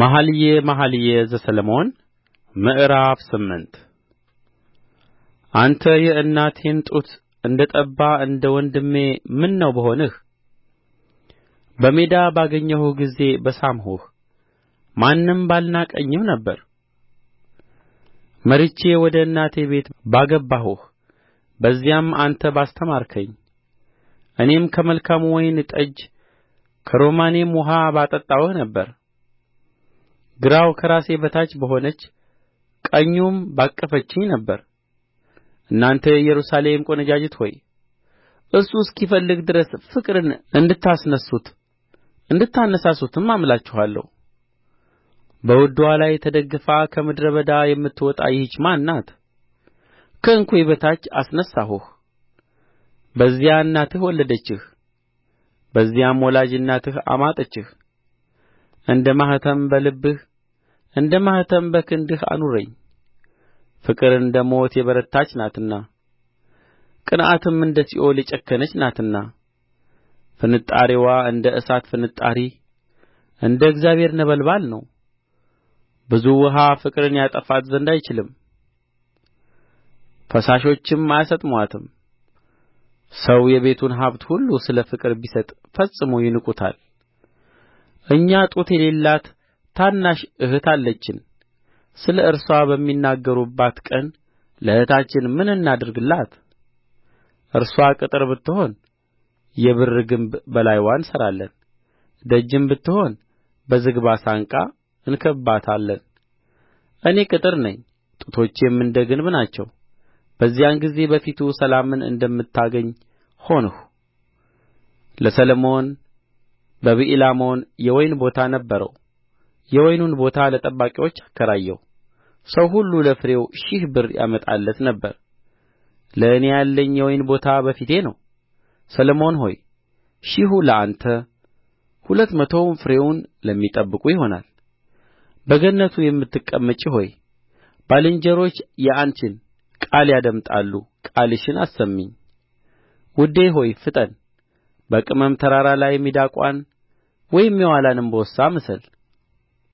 መኃልየ መኃልይ ዘሰሎሞን ምዕራፍ ስምንት አንተ የእናቴን ጡት እንደ ጠባ እንደ ወንድሜ ምነው በሆንህ በሜዳ ባገኘሁህ ጊዜ በሳምሁህ ማንም ባልናቀኝም ነበር መርቼ ወደ እናቴ ቤት ባገባሁህ በዚያም አንተ ባስተማርከኝ እኔም ከመልካሙ ወይን ጠጅ ከሮማኔም ውኃ ባጠጣሁህ ነበር ግራው ከራሴ በታች በሆነች ቀኙም ባቀፈችኝ ነበር እናንተ የኢየሩሳሌም ቈነጃጅት ሆይ እርሱ እስኪፈልግ ድረስ ፍቅርን እንድታስነሱት እንድታነሳሱትም አምላችኋለሁ በውድዋ ላይ ተደግፋ ከምድረ በዳ የምትወጣ ይህች ማን ናት ከእንኮይ በታች አስነሣሁህ በዚያ እናትህ ወለደችህ በዚያም ወላጅ እናትህ አማጠችህ እንደ ማኅተም በልብህ እንደ ማኅተም በክንድህ አኑረኝ ፍቅር እንደ ሞት የበረታች ናትና ቅንዓትም እንደ ሲኦል የጨከነች ናትና ፍንጣሪዋ እንደ እሳት ፍንጣሪ እንደ እግዚአብሔር ነበልባል ነው ብዙ ውኃ ፍቅርን ያጠፋት ዘንድ አይችልም ፈሳሾችም አያሰጥሙአትም ሰው የቤቱን ሀብት ሁሉ ስለ ፍቅር ቢሰጥ ፈጽሞ ይንቁታል እኛ ጡት የሌላት ታናሽ እህት አለችን ስለ እርስዋ በሚናገሩባት ቀን ለእህታችን ምን እናድርግላት እርስዋ ቅጥር ብትሆን የብር ግንብ በላይዋ እንሠራለን ደጅም ብትሆን በዝግባ ሳንቃ እንከብባታለን እኔ ቅጥር ነኝ ጡቶቼም እንደ ግንብ ናቸው በዚያን ጊዜ በፊቱ ሰላምን እንደምታገኝ ሆንሁ ለሰሎሞን በብኤላሞን የወይን ቦታ ነበረው የወይኑን ቦታ ለጠባቂዎች አከራየሁ ሰው ሁሉ ለፍሬው ሺህ ብር ያመጣለት ነበር ለእኔ ያለኝ የወይን ቦታ በፊቴ ነው ሰሎሞን ሆይ ሺሁ ለአንተ ሁለት መቶውም ፍሬውን ለሚጠብቁ ይሆናል በገነቱ የምትቀመጪ ሆይ ባልንጀሮች የአንቺን ቃል ያደምጣሉ ቃልሽን አሰሚኝ ውዴ ሆይ ፍጠን በቅመም ተራራ ላይ ሚዳቋን ወይም የዋላን እምቦሳ ምሰል